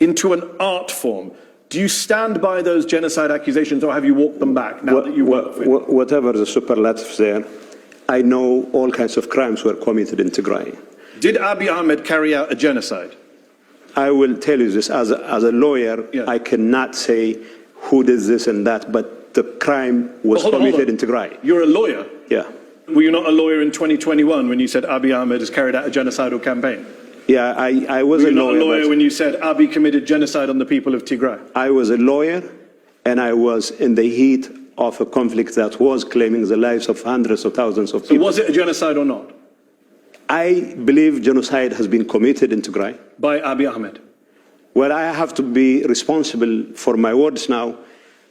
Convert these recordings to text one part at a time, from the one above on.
into an art form. Do you stand by those genocide accusations or have you walked them back now what, that you work with? whatever the superlatives there, I know all kinds of crimes were committed in Tigray. Did Abiy Ahmed carry out a genocide? I will tell you this as a, as a lawyer, yeah. I cannot say who did this and that, but the crime was committed on, in Tigray. You're a lawyer? Yeah. Were you not a lawyer in 2021 when you said Abiy Ahmed has carried out a genocidal campaign? Yeah, I, I was Were a you not lawyer. a lawyer when you said Abiy committed genocide on the people of Tigray? I was a lawyer, and I was in the heat of a conflict that was claiming the lives of hundreds of thousands of people. So was it a genocide or not? I believe genocide has been committed in Tigray. By Abiy Ahmed? Well, I have to be responsible for my words now.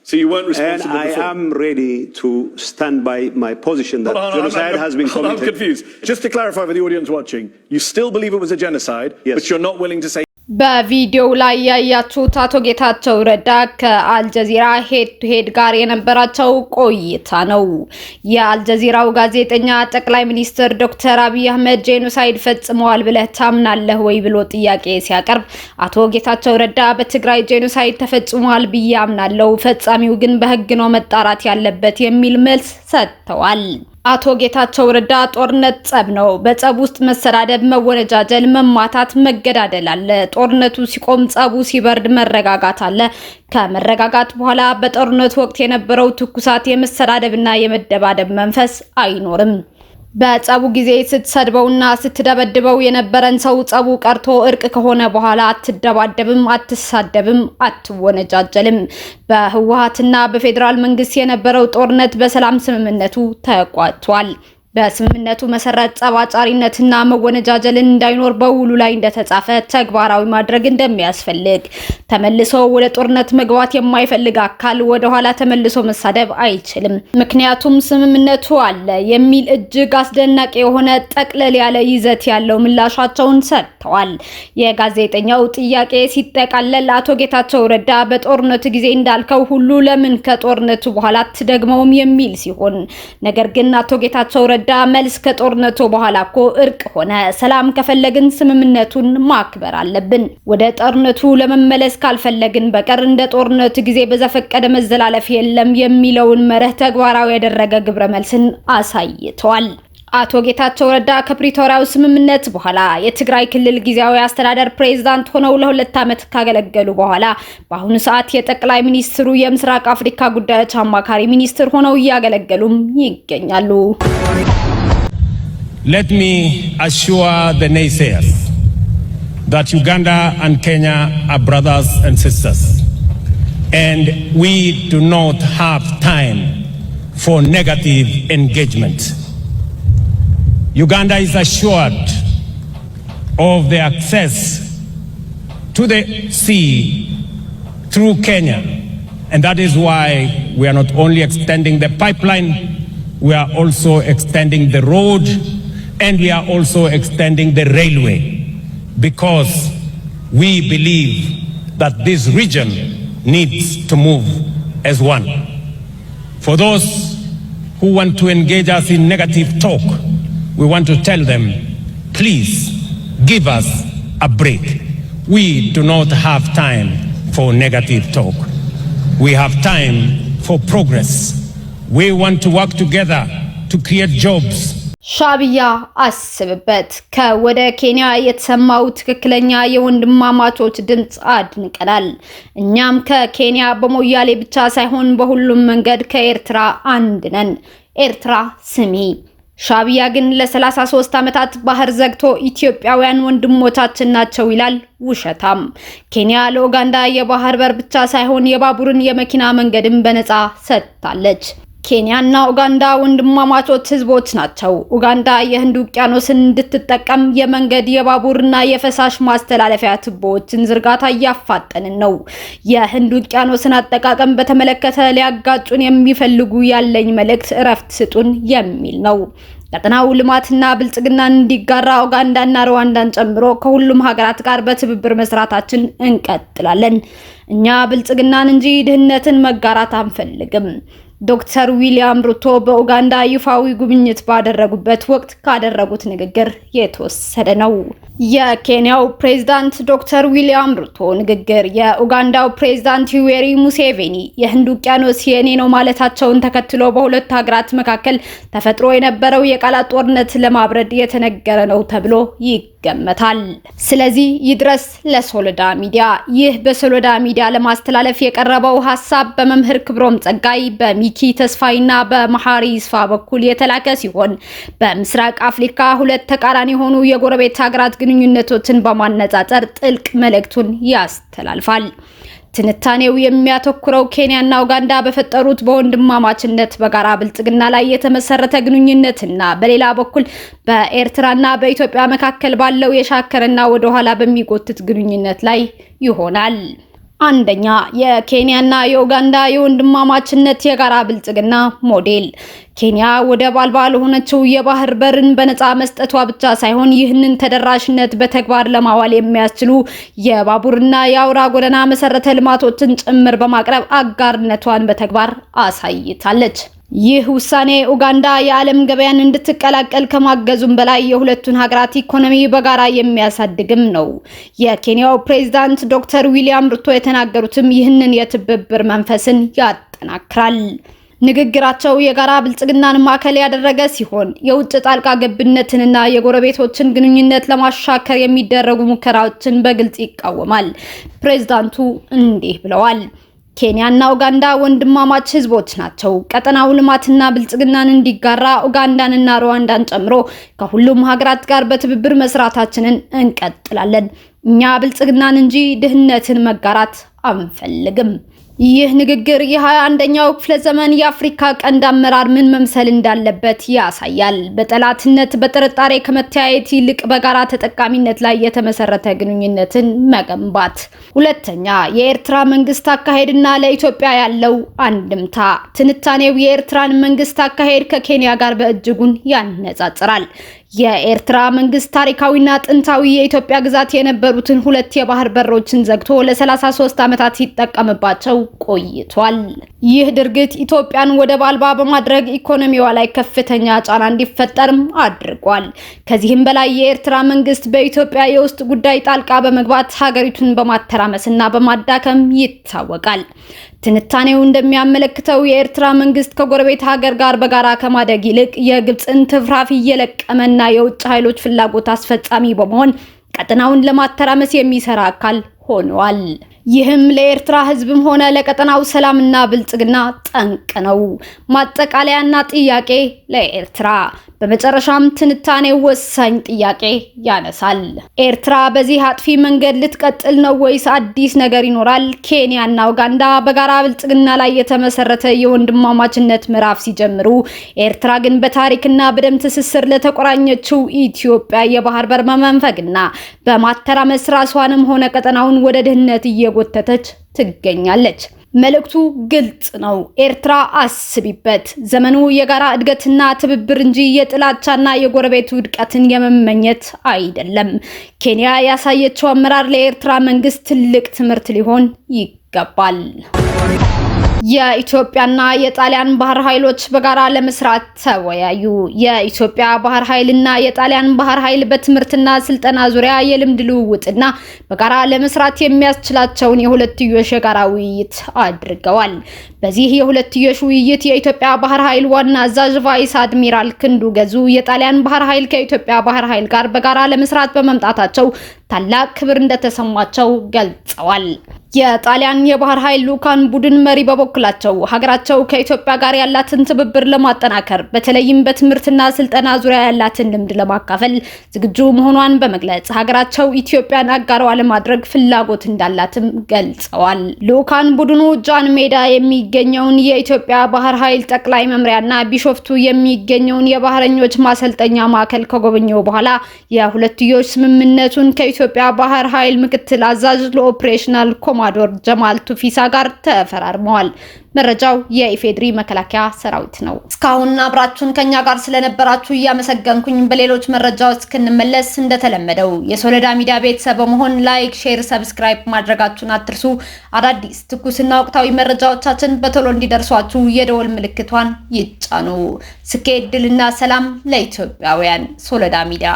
So you weren't And responsible I before? am ready to stand by my position that on, genocide I'm- has been committed. I'm confused. Just to clarify for the audience watching, you still believe it was a genocide, Yes. but you're not willing to say በቪዲዮው ላይ ያያችሁት አቶ ጌታቸው ረዳ ከአልጀዚራ ሄድ ቱ ሄድ ጋር የነበራቸው ቆይታ ነው። የአልጀዚራው ጋዜጠኛ ጠቅላይ ሚኒስትር ዶክተር አብይ አህመድ ጄኖሳይድ ፈጽመዋል ብለህ ታምናለህ ወይ ብሎ ጥያቄ ሲያቀርብ አቶ ጌታቸው ረዳ በትግራይ ጄኖሳይድ ተፈጽሟል ብዬ አምናለሁ፣ ፈጻሚው ግን በህግ ነው መጣራት ያለበት የሚል መልስ ሰጥተዋል። አቶ ጌታቸው ረዳ ጦርነት ጸብ ነው። በጸብ ውስጥ መሰዳደብ፣ መወነጃጀል፣ መማታት፣ መገዳደል አለ። ጦርነቱ ሲቆም፣ ጸቡ ሲበርድ መረጋጋት አለ። ከመረጋጋት በኋላ በጦርነት ወቅት የነበረው ትኩሳት፣ የመሰዳደብና የመደባደብ መንፈስ አይኖርም። በጸቡ ጊዜ ስትሰድበውና ስትደበድበው የነበረን ሰው ጸቡ ቀርቶ እርቅ ከሆነ በኋላ አትደባደብም፣ አትሳደብም፣ አትወነጃጀልም። በህወሓትና በፌዴራል መንግስት የነበረው ጦርነት በሰላም ስምምነቱ ተቋጭቷል። በስምምነቱ መሰረት ጸብ አጫሪነትና መወነጃጀልን እንዳይኖር በውሉ ላይ እንደተጻፈ ተግባራዊ ማድረግ እንደሚያስፈልግ፣ ተመልሶ ወደ ጦርነት መግባት የማይፈልግ አካል ወደኋላ ተመልሶ መሳደብ አይችልም፣ ምክንያቱም ስምምነቱ አለ የሚል እጅግ አስደናቂ የሆነ ጠቅለል ያለ ይዘት ያለው ምላሻቸውን ሰጥተዋል። የጋዜጠኛው ጥያቄ ሲጠቃለል አቶ ጌታቸው ረዳ በጦርነቱ ጊዜ እንዳልከው ሁሉ ለምን ከጦርነቱ በኋላ አትደግመውም የሚል ሲሆን ነገር ግን አቶ ጌታቸው ረዳ ሲረዳ መልስ ከጦርነቱ በኋላ እኮ እርቅ ሆነ። ሰላም ከፈለግን ስምምነቱን ማክበር አለብን። ወደ ጦርነቱ ለመመለስ ካልፈለግን በቀር እንደ ጦርነቱ ጊዜ በዘፈቀደ መዘላለፍ የለም የሚለውን መርህ ተግባራዊ ያደረገ ግብረ መልስን አሳይተዋል። አቶ ጌታቸው ረዳ ከፕሪቶሪያው ስምምነት በኋላ የትግራይ ክልል ጊዜያዊ አስተዳደር ፕሬዝዳንት ሆነው ለሁለት ዓመት ካገለገሉ በኋላ በአሁኑ ሰዓት የጠቅላይ ሚኒስትሩ የምስራቅ አፍሪካ ጉዳዮች አማካሪ ሚኒስትር ሆነው እያገለገሉም ይገኛሉ። Let me assure the naysayers that Uganda and Kenya are brothers and sisters and we do not have time for negative engagement. Uganda is assured of the access to the sea through Kenya. And that is why we are not only extending the pipeline, we are also extending the road and we are also extending the railway because we believe that this region needs to move as one. For those who want to engage us in negative talk, we want to tell them, please give us a break. We do not have time for negative talk. We have time for progress. We want to work together to create jobs. ሻቢያ አስብበት። ከወደ ኬንያ የተሰማው ትክክለኛ የወንድማማቾች ድምፅ አድንቀናል። እኛም ከኬንያ በሞያሌ ብቻ ሳይሆን በሁሉም መንገድ ከኤርትራ አንድ ነን። ኤርትራ ስሚ ሻቢያ ግን ለ33 ዓመታት ባህር ዘግቶ ኢትዮጵያውያን ወንድሞቻችን ናቸው ይላል። ውሸታም። ኬንያ ለኡጋንዳ የባህር በር ብቻ ሳይሆን የባቡርን የመኪና መንገድም በነፃ ሰጥታለች። ኬንያና ኡጋንዳ ወንድማማቾች ህዝቦች ናቸው። ኡጋንዳ የህንድ ውቅያኖስን እንድትጠቀም የመንገድ የባቡርና የፈሳሽ ማስተላለፊያ ቱቦዎችን ዝርጋታ እያፋጠንን ነው። የህንድ ውቅያኖስን አጠቃቀም በተመለከተ ሊያጋጩን የሚፈልጉ ያለኝ መልእክት እረፍት ስጡን የሚል ነው። ቀጠናው ልማትና ብልጽግና እንዲጋራ ኡጋንዳና ሩዋንዳን ጨምሮ ከሁሉም ሀገራት ጋር በትብብር መስራታችን እንቀጥላለን። እኛ ብልጽግናን እንጂ ድህነትን መጋራት አንፈልግም። ዶክተር ዊሊያም ሩቶ በኡጋንዳ ይፋዊ ጉብኝት ባደረጉበት ወቅት ካደረጉት ንግግር የተወሰደ ነው። የኬንያው ፕሬዝዳንት ዶክተር ዊሊያም ሩቶ ንግግር፣ የኡጋንዳው ፕሬዝዳንት ዩዌሪ ሙሴቬኒ የህንድ ውቅያኖስ የኔ ነው ማለታቸውን ተከትሎ በሁለቱ ሀገራት መካከል ተፈጥሮ የነበረው የቃላት ጦርነት ለማብረድ የተነገረ ነው ተብሎ ይገመታል። ስለዚህ ይድረስ ለሶሎዳ ሚዲያ። ይህ በሶሎዳ ሚዲያ ለማስተላለፍ የቀረበው ሀሳብ በመምህር ክብሮም ጸጋይ፣ በሚኪ ተስፋይና በመሐሪ ይስፋ በኩል የተላከ ሲሆን በምስራቅ አፍሪካ ሁለት ተቃራኒ የሆኑ የጎረቤት ሀገራት ግንኙነቶችን በማነጻጸር ጥልቅ መልእክቱን ያስተላልፋል። ትንታኔው የሚያተኩረው ኬንያና ኡጋንዳ በፈጠሩት በወንድማማችነት በጋራ ብልጽግና ላይ የተመሰረተ ግንኙነትና በሌላ በኩል በኤርትራና በኢትዮጵያ መካከል ባለው የሻከረና ወደኋላ በሚጎትት ግንኙነት ላይ ይሆናል። አንደኛ የኬንያና የኡጋንዳ የወንድማማችነት የጋራ ብልጽግና ሞዴል። ኬንያ ወደብ አልባ ለሆነችው የባህር በርን በነፃ መስጠቷ ብቻ ሳይሆን ይህንን ተደራሽነት በተግባር ለማዋል የሚያስችሉ የባቡርና የአውራ ጎዳና መሰረተ ልማቶችን ጭምር በማቅረብ አጋርነቷን በተግባር አሳይታለች። ይህ ውሳኔ ኡጋንዳ የዓለም ገበያን እንድትቀላቀል ከማገዙም በላይ የሁለቱን ሀገራት ኢኮኖሚ በጋራ የሚያሳድግም ነው። የኬንያው ፕሬዝዳንት ዶክተር ዊሊያም ሩቶ የተናገሩትም ይህንን የትብብር መንፈስን ያጠናክራል። ንግግራቸው የጋራ ብልጽግናን ማዕከል ያደረገ ሲሆን የውጭ ጣልቃ ገብነትንና የጎረቤቶችን ግንኙነት ለማሻከር የሚደረጉ ሙከራዎችን በግልጽ ይቃወማል። ፕሬዝዳንቱ እንዲህ ብለዋል። ኬንያና ኡጋንዳ ወንድማማች ህዝቦች ናቸው። ቀጠናው ልማትና ብልጽግናን እንዲጋራ ኡጋንዳንና ሩዋንዳን ጨምሮ ከሁሉም ሀገራት ጋር በትብብር መስራታችንን እንቀጥላለን። እኛ ብልጽግናን እንጂ ድህነትን መጋራት አንፈልግም። ይህ ንግግር የሀያ አንደኛው ክፍለ ዘመን የአፍሪካ ቀንድ አመራር ምን መምሰል እንዳለበት ያሳያል። በጠላትነት በጥርጣሬ ከመተያየት ይልቅ በጋራ ተጠቃሚነት ላይ የተመሰረተ ግንኙነትን መገንባት። ሁለተኛ፣ የኤርትራ መንግስት አካሄድና ለኢትዮጵያ ያለው አንድምታ። ትንታኔው የኤርትራን መንግስት አካሄድ ከኬንያ ጋር በእጅጉን ያነጻጽራል። የኤርትራ መንግስት ታሪካዊና ጥንታዊ የኢትዮጵያ ግዛት የነበሩትን ሁለት የባህር በሮችን ዘግቶ ለ33 ዓመታት ሲጠቀምባቸው ቆይቷል። ይህ ድርጊት ኢትዮጵያን ወደብ አልባ በማድረግ ኢኮኖሚዋ ላይ ከፍተኛ ጫና እንዲፈጠርም አድርጓል። ከዚህም በላይ የኤርትራ መንግስት በኢትዮጵያ የውስጥ ጉዳይ ጣልቃ በመግባት ሀገሪቱን በማተራመስና በማዳከም ይታወቃል። ትንታኔው እንደሚያመለክተው የኤርትራ መንግስት ከጎረቤት ሀገር ጋር በጋራ ከማደግ ይልቅ የግብፅን ትፍራፍ እየለቀመና የውጭ ኃይሎች ፍላጎት አስፈጻሚ በመሆን ቀጠናውን ለማተራመስ የሚሰራ አካል ሆኗል። ይህም ለኤርትራ ህዝብም ሆነ ለቀጠናው ሰላምና ብልጽግና ጠንቅ ነው። ማጠቃለያና ጥያቄ ለኤርትራ በመጨረሻም ትንታኔ ወሳኝ ጥያቄ ያነሳል። ኤርትራ በዚህ አጥፊ መንገድ ልትቀጥል ነው ወይስ አዲስ ነገር ይኖራል? ኬንያና ኡጋንዳ በጋራ ብልጽግና ላይ የተመሰረተ የወንድማማችነት ምዕራፍ ሲጀምሩ፣ ኤርትራ ግን በታሪክና በደም ትስስር ለተቆራኘችው ኢትዮጵያ የባህር በር መንፈግና በማተራመስ ራሷንም ሆነ ቀጠናውን ወደ ድህነት እየ እየጎተተች ትገኛለች። መልእክቱ ግልጽ ነው። ኤርትራ አስቢበት። ዘመኑ የጋራ እድገትና ትብብር እንጂ የጥላቻና የጎረቤት ውድቀትን የመመኘት አይደለም። ኬንያ ያሳየችው አመራር ለኤርትራ መንግስት ትልቅ ትምህርት ሊሆን ይገባል። የኢትዮጵያና የጣሊያን ባህር ኃይሎች በጋራ ለመስራት ተወያዩ። የኢትዮጵያ ባህር ኃይልና የጣሊያን ባህር ኃይል በትምህርትና ስልጠና ዙሪያ የልምድ ልውውጥና በጋራ ለመስራት የሚያስችላቸውን የሁለትዮሽ የጋራ ውይይት አድርገዋል። በዚህ የሁለትዮሽ ውይይት የኢትዮጵያ ባህር ኃይል ዋና አዛዥ ቫይስ አድሚራል ክንዱ ገዙ የጣሊያን ባህር ኃይል ከኢትዮጵያ ባህር ኃይል ጋር በጋራ ለመስራት በመምጣታቸው ታላቅ ክብር እንደተሰማቸው ገልጸዋል። የጣሊያን የባህር ኃይል ልዑካን ቡድን መሪ በበኩላቸው ሀገራቸው ከኢትዮጵያ ጋር ያላትን ትብብር ለማጠናከር በተለይም በትምህርትና ስልጠና ዙሪያ ያላትን ልምድ ለማካፈል ዝግጁ መሆኗን በመግለጽ ሀገራቸው ኢትዮጵያን አጋሯ ለማድረግ ፍላጎት እንዳላትም ገልጸዋል። ልዑካን ቡድኑ ጃን ሜዳ የሚገኘውን የኢትዮጵያ ባህር ኃይል ጠቅላይ መምሪያና ቢሾፍቱ የሚገኘውን የባህረኞች ማሰልጠኛ ማዕከል ከጎበኘው በኋላ የሁለትዮሽ ስምምነቱን ከኢትዮጵያ ባህር ኃይል ምክትል አዛዥ ለኦፕሬሽናል ኮማ ኮማዶር ጀማል ቱፊሳ ጋር ተፈራርመዋል። መረጃው የኢፌድሪ መከላከያ ሰራዊት ነው። እስካሁን አብራችሁን ከኛ ጋር ስለነበራችሁ እያመሰገንኩኝ በሌሎች መረጃዎች እስክንመለስ እንደተለመደው የሶለዳ ሚዲያ ቤተሰብ በመሆን ላይክ፣ ሼር፣ ሰብስክራይብ ማድረጋችሁን አትርሱ። አዳዲስ ትኩስና ወቅታዊ መረጃዎቻችን በቶሎ እንዲደርሷችሁ የደወል ምልክቷን ይጫኑ። ስኬት፣ ድልና ሰላም ለኢትዮጵያውያን። ሶለዳ ሚዲያ